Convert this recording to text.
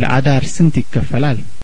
ለአዳር ስንት ይከፈላል